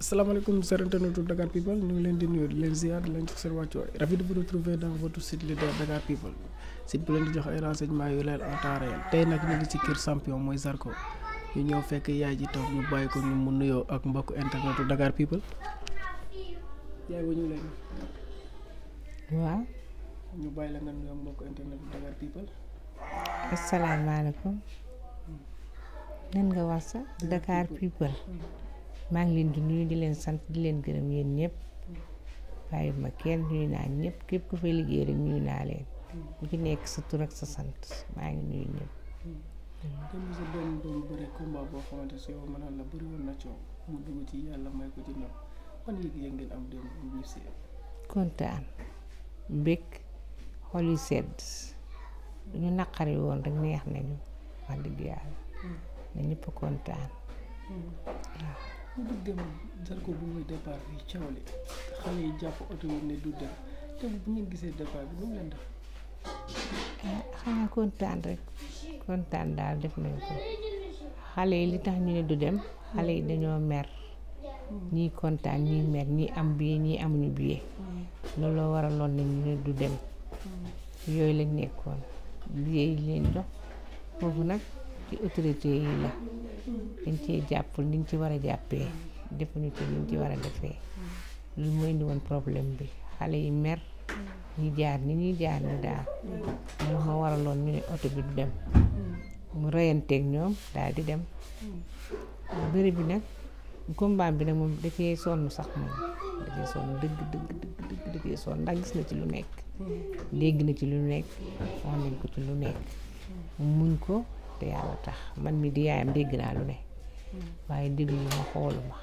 asalaamaaleykum serentenotu Dakar People ñu ngi leen di nuyu di leen ziar di leen jox seen wàccuwaay ravi de vous retrouver dans votre site leader Dakar People site bu leen di jox ay renseignements yu leen en tey nag ñu ngi ci kër champion mooy Zarko ñu ñëw fekk yaay ji toog ñu bàyyi ko ñu mu nuyoo ak mbokk internetu Dakar People yaay bu la nga mbokk internetu Dakar People asalaamaaleykum hmm. nan nga wax sax Dakar People hmm. maa ngi leen di nuyu di leen sant di leen gërëm yéen ñëpp bàyyi ma kenn nuyu naa ñëpp ku fay liggéey rek nuyu ci nekk sa sa sant maa ngi nuyu ñëpp. dem ci yàlla may ko ci ndam kontaan mbég xol yu sedd ñu naqari woon rek neex nañu wax dëgg yàlla mm. na ñëpp kontaan mm. waaw. mu bëgg dem jël xanaa kontaan rek kontaan daal def nañ ko xale yi li tax ñu ne du dem xale yi dañoo mer ñii kontaan ñii mer ñii am billet ñii amuñu billet looloo waraloon ne ñu ne du dem yooyu lañ nekkoon billet yi leen jox foofu nag. ci autorité yi la dañ cee jàppul niñ ci war a jàppee defuñu ci niñ ci war a defee lu mu indi woon problème bi xale yi mer ñu jaar ni ñuy jaar ni daal moo ma waraloon ñu ne oto bi du dem mu reyanteeg ñoom daal di dem bëri bi nag combat bi nag moom da cee sonn sax moom da cee sonn dëgg dëgg dëgg da sonn ndax gis na ci lu nekk dégg na ci lu nekk wax muñ ko te yàlla tax man mi di yaayam dégg naa lu ne waaye déglu ma xoolu ma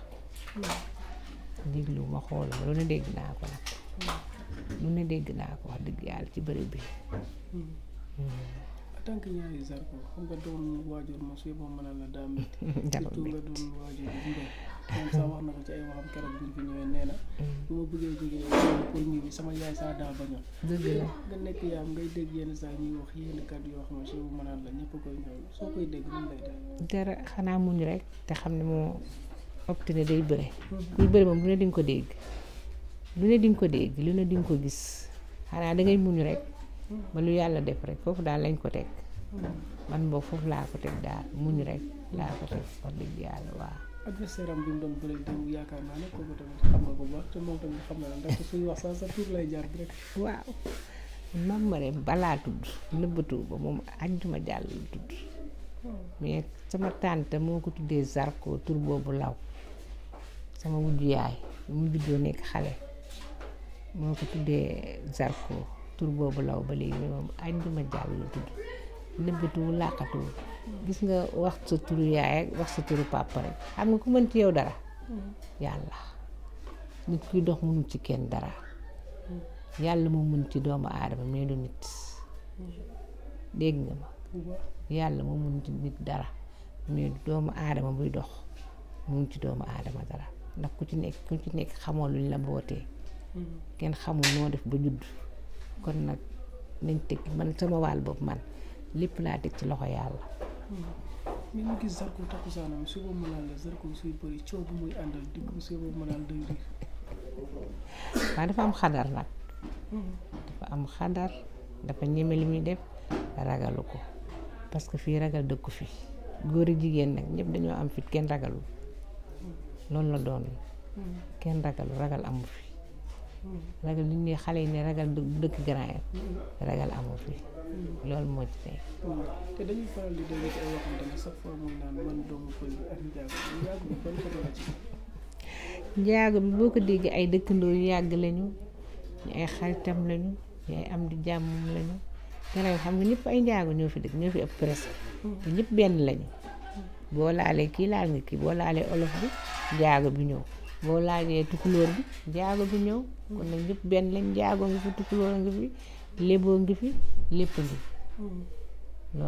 déglu ma xoolu ma lu ne dégg naa ko nag lu ne dégg naa ko wax dëgg yàlla ci bërëb bi mm. Mm. tànk ñaari na ko ci ay waxam keroog bi ñu fi na. bu mm. ma bëggee jógee pour ñi bi sama yaay saa daa bañoon. dëgg yoo xam ne suy mënal la ñëpp koy ñëw dara xanaa muñ rek te xam ne moo obtenu day bëre. Mm-hmm. kuy bëre moom lu ne di ko dégg. lu ne di ko dégg lu ne di ko gis xanaa dangay muñ rek. ba lu yàlla def rek foofu daal lañ ko teg man boobu foofu laa ko teg daal muñ rek laa ko teg wax dëgg yàlla waaw. adversaire am rek. ma balaa tudd nëbbatu ba moom ajjuma jàll tudd mais sama tante moo ko tuddee Zarko tur boobu law sama wujju yaay mu juddoo nekk xale moo ko tuddee Zarko. tur boobu law ba léegi moom añ du ma jàll la tudd nëbbatuwul làqatuwul gis nga wax sa turu yaay ak wax sa turu papa xam nga ku mën ci yaw dara mm-hmm. yàlla nit kuy dox mënul ci kenn dara mm-hmm. yàlla moo mun ci doomu aadama mais du nit mm-hmm. dégg nga ma yàlla moo mën ci nit dara doomu aadama buy dox mën ci dara ndax ku ci nekk ku ci nekk xamoo luñ la bootee kenn xamul noo def ba judd kon nag nañ tëgg man sama wàll boobu man lépp laa teg ci loxo yàlla. mais hmm. ñu gis Zarko takkusaanam dafa am xadar nag. Hmm. dafa am xadar dafa ñeme li muy def ragalu ko parce que fii ragal dëkku fi góor yi jigéen nag ñëpp dañoo am fit kenn ragalu hmm. loolu la doon. kenn ragalu ragal amu fi. ragal li ñuy xale yi ne ragal dëkk Grand Yoff ragal amu fi loolu moo ci tey. te dañuy faral dégg ay njaago bi boo ko déggee ay dëkkandoo yu yàgg lañu ñu ay xaritam lañu ñu ay am di jàmm lañu dara xam nga ñëpp ay njaago ñoo fi dëkk ñoo fi ëpp presque. te mm-hmm. ñëpp benn lañu. boo laalee kii laal nga kii boo laalee olof bi njaago bi ñëw. boo laajee tukulóor bi jaago bi ñëw kon nag ñëpp benn lañ jaago ngi fi tukulóor ngi fi léboo ngi fi lépp ngi fi la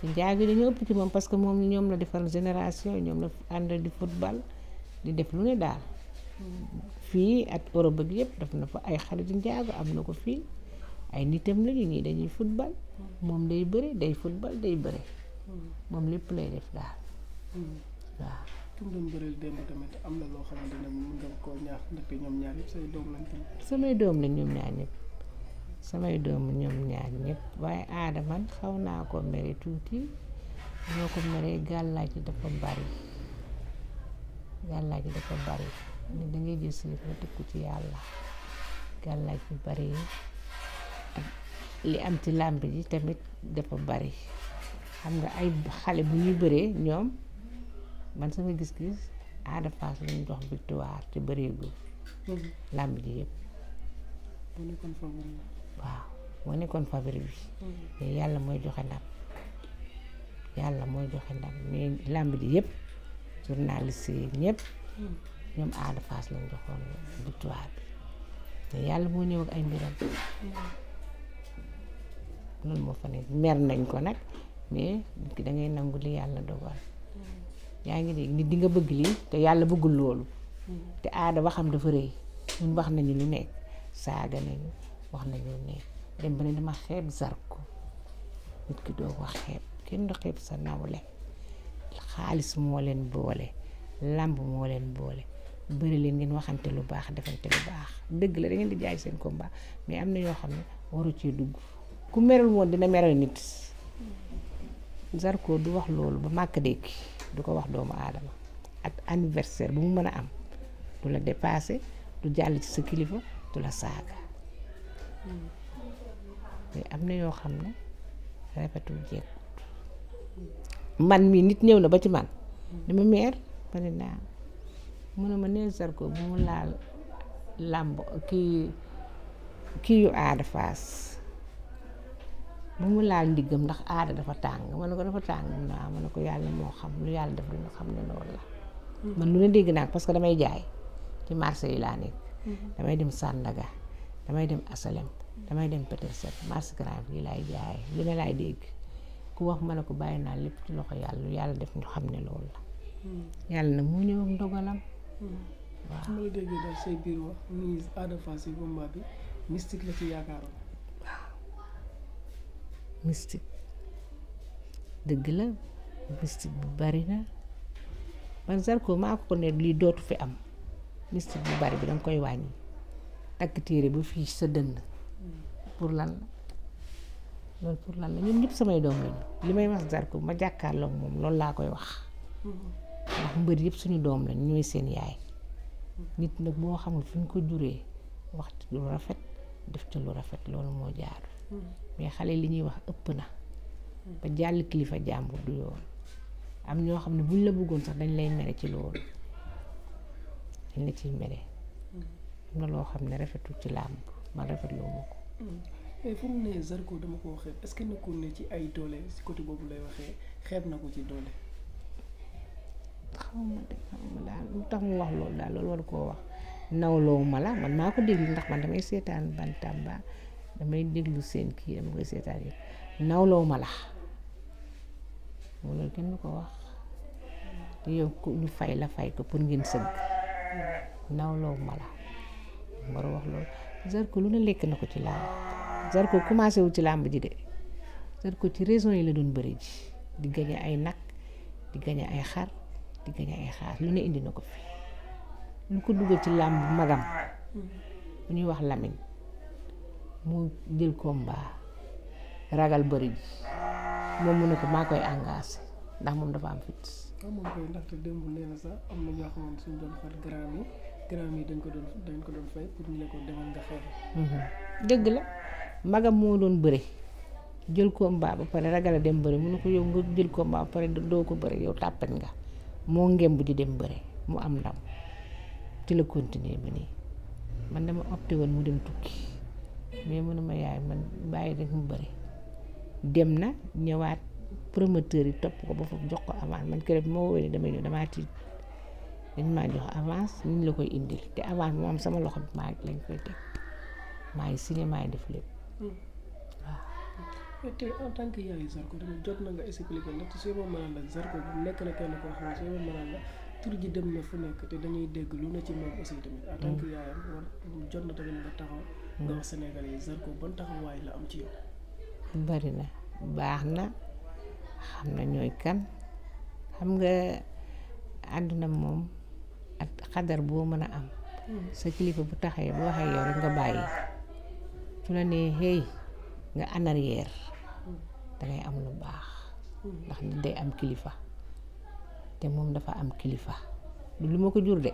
te jaago yi dañoo ëpp ci moom parce que moom ñoom la defar génération ñoom la ànd di football di def lu ne daal fii ak Europe ak yëpp def na fa ay xarit njaago am na ko fii ay nitam lañu ñii dañuy football moom day bëre day football day bëre moom lépp lay def daal waaw am na loo xamante ne mën nga koo ñaax samay doom la ñoom ñaar ñëpp samay doom ñoom ñaar ñëpp waaye aada xaw naa ko mere tuuti ñoo ko meree gàllaaj yi dafa bari gàllaaj yi dafa bari ni da ngay gis nit nga tëkku ci yàlla gàllaaj yu bari li am ci làmb ji tamit dafa bari xam nga ay xale bu ñuy bëree ñoom. man sama gis-gis Ada Fass lañu jox victoire te bëreegul. Mm-hmm. làmb ji yëpp. nekkoon favori bi. waaw moo nekkoon favori bi. Mm-hmm. mais yàlla mooy joxe ndam. yàlla mooy joxe ndam mais làmb ji yëpp journaliste yi ñëpp. Mm-hmm. ñoom Ada Fass lañ joxoon victoire bi mais yàlla moo ñëw ay mbiram. loolu moo fa nekk mer nañ ko nag mais da ngay nangu li yàlla dogal. yaa ngi dégg nit di nga bëgg lii te yàlla bëggul loolu te aada waxam dafa rëy ñun wax nañu lu nekk saaga nañu wax nañu lu nekk dem ba ne dama xeeb Zarko nit ki doo wax xeeb kenn xeeb sa nawle xaalis moo leen boole làmb moo leen boole bari leen ngeen waxante lu baax defante lu baax dëgg la da di jaay seen combat mais am na yoo xam ne waru cee dugg ku merul woon dina meral nit Zarko du wax loolu ba màkk dékki du ko wax doomu aadama ak anniversaire bu mu mën a am du la dépassé du jàll ci sa kilifa du la saaga mais am na yoo xam ne rafetul jekkut man mii nit ñëw na ba ci man dama meer ma ne naa mu ne ma bu mu laal làmb kii kii yu aada faas ba mu laal ndiggam ndax aada dafa tàng ma ne ko dafa tàng naa ma na ko yàlla moo xam lu yàlla def lu xam ne loolu la. Hmm. man lu ne dégg naa parce que damay jaay ci marché yi laa nekk. Hmm. damay dem Sandaga damay dem Asalem damay dem Petersen marché Grand yi laay jaay lu ne laay dégg ku wax ma ne ko bàyyi naa lépp ci loxo yàlla lu yàlla def ñu xam ne loolu la. Hmm. yàlla nag mu ñëw ak ndogalam. mystique dëgg la mystique bu bari na man Zarko maa ko ne lii dootu fi am mystique bu bari bi danga koy wàññi takk téere bu fii sa dënn pour lan la loolu pour lan la ñun ñëpp samay doom lañu li may wax Zarko ma jàkkaarloog moom loolu laa koy wax ndax mbër yëpp suñu doom lañ ñooy seen yaay nit nag boo xamul fi ñu ko juree waxtu lu rafet def ci lu rafet loolu moo jaar mais xale li ñuy wax ëpp na ba jàll kilifa jàmbur du yoon am ñoo xam ne buñ la bëggoon sax dañ lay mere ci loolu dañ la ciy mere am na loo xam ne rafetul ci làmb man rafetloo ma ko. mais fu mu ne ko waxee est que nekkul ci ay doole boobu lay waxee xeeb na ko ci doole. xaw daal lu tax mu wax loolu daal loolu war koo wax nawloo ma la man maa ko dégg ndax man damay seetaan Bantamba. damay déglu seen kii dama koy seetaan yi nawloo ma la loolu kenn du ko wax yow ku ñu fay la fay ko pour ngeen sëgg nawloo ma la war a wax loolu Zarko lu ne lekk na ko ci làmb Zarko commencé wu ci làmb ji de Zarko ci raison yi la doon bëri ji di gañe ay nag di gañe ay xar di gañe ay xaar lu ne indi na ko fi lu ko dugal ci làmb magam bu mm-hmm. ñuy wax Lamine mu jël combat ragal bari ji moom mu ne ko maa koy engagé ndax moom dafa am fit. waaw ah, moom sax am na ñoo xamante suñ doon yi dañ ko doon dañ ko doon fay ko demal nga mhm. dëgg la magam moo doon bëri jël combat ba pare ragal a dem bëri mun ne ko yow nga jël combat ba pare doo ko bëri yow tàppat nga moo ngemb di dem bëri mu am ndam ci la continuer ba nii man dama opté woon mu dem tukki. mais mënuma yaay man bàyyi rek mu bëri dem na ñëwaat promoteur yi topp ko ba foofu jox ko avance man keroog bi ma woowee ne damay ñëw damaa tiit dañ maa la koy indil te avance moom sama loxo bi maa lañ koy teg maa def lépp waaw. Hmm. tey en jot na nga expliqué ndax su ma mënaan la Zarko bu nekk ji dem na fu nekk te dañuy dégg lu ne ci moom aussi en tant que yaayam jot na tamit nga taxaw. ndax sénégalais Zarko bari na baax na xam na ñooy kan xam nga àdduna moom ak xadar boo mën a am. Hmm. sa kilifa bu taxee bu waxee yow rek nga bàyyi su la nee xëy nga en arrière hmm. dangay am lu baax hmm. ndax nit day am kilifa te moom dafa am kilifa lu ma ko jur de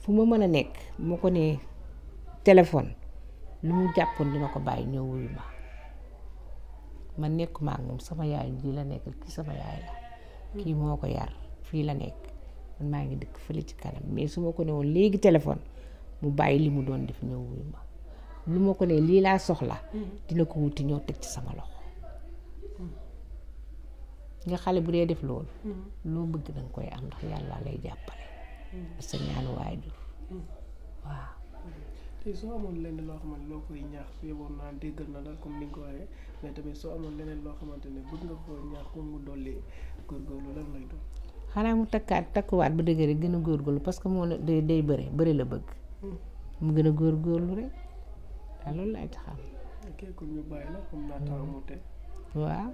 fu ma mën a nekk moo ko nee téléphone. lu mu jàppoon dina ko bàyyi ñëw wuyu ma man nekkuma ak moom sama yaay ji la nekk kii sama yaay la kii hmm. moo ko yar fii la nekk man maa ngi dëkk fële ci kanam mais su ma ko ne woon léegi téléphone mu bàyyi li mu doon def ñëw wuyu ma lu ma ko ne lii laa soxla hmm. dina ko wuti ñëw teg ci sama loxo hmm. nga xale bu dee def loolu loo bëgg danga koy am ndax yàlla lay jàppale sa ñaanu waajur tey soo amoon lenn loo xamante loo koy ñaax yeboon naa déggal na daal comme ni ko soo amoon leneen loo xamante ne bëgg nga ko ñaax mu dolli góorgóorlu lan lay doon. xanaa mu takkaat takkuwaat bu dëgër gën a góorgóorlu parce que moo day day bëri bëri la bëgg. Hmm. mu gën a góorgóorlu rek waaw loolu laay taxaw. ok kon la comme naa taw mu tey. waaw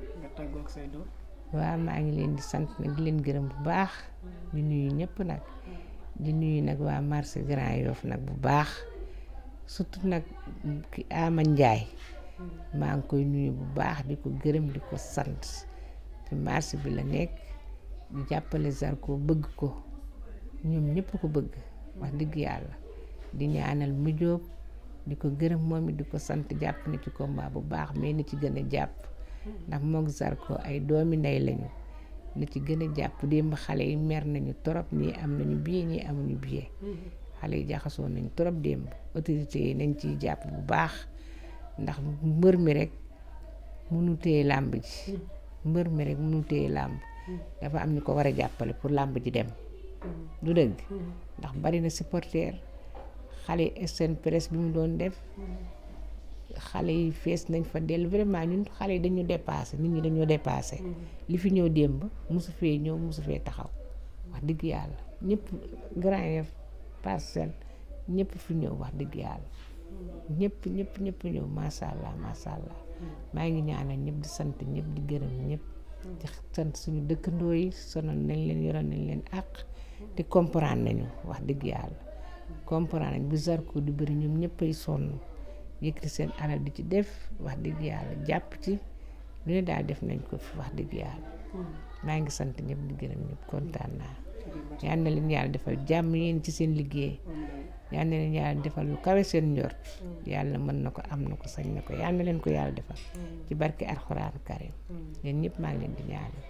nga maa ngi leen di sant nag di leen gërëm bu baax. di nuyu ñëpp nag. di nuyu nag waa marché Grand Yoff nag bu baax. surtout nag ki amal Ndiaye maa ngi koy nuyu bu baax di ko gërëm di ko sant ci marché bi la nekk di jàppale Zarko bëgg ko ñoom ñépp ko bëgg wax dëgg yàlla di ñaanal mu di ko gërëm moom di ko sant jàpp na ci komba bu baax mais na ci gën a jàpp ndax moog Zarko ay doomi ndey lañu na ci gën a jàpp démb xale yi mer nañu torop ñii am nañu billet ñii amuñu billet xale yi jaxasoo nañ trop démb autorité yi nañ ciy jàpp bu baax ndax mbër mi rek munu téye làmb ji mbër mi rek munu téye làmb dafa am ñu ko war a jàppale pour làmb ji dem mm-hmm. du dëgg mm-hmm. ndax bari na supporter xale yi seen presse bi mu doon def mm-hmm. xale yi fees nañ fa dellu vraiment ñun xale yi dañu dépassé nit ñi dañoo dépassé li fi ñëw démb mosu fee ñëw mosu fee taxaw wax dëgg yàlla ñëpp grand parcelle ñëpp fi ñëw wax dëgg yàlla ñëpp ñëpp ñëpp ñëw macha allah maa ngi ñaanal ñëpp di sant ñëpp di gërëm ñëpp di sant suñu dëkkandoo yi sonal nañ leen yoroon nañ leen àq te comprendre nañu wax dëgg yàlla comprendre nañ bu zarko di bëri ñoom ñëpp ay sonn yëkkati seen alal di ci def wax dëgg yàlla jàpp ci lu ne daal def nañ ko fi wax dëgg yàlla maa ngi sant ñëpp di gërëm ñëpp kontaan naa yal na leen yàlla defal jàmm yéen ci seen liggéey yal na leen yàlla defal lu kawe seen njort yàlla mën na ko am na ko sañ na ko yal leen ko yàlla defal ci barke alxuraan karim yéen ñëpp maa leen di ñaanal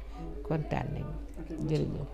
kontaan nañu jërëjëf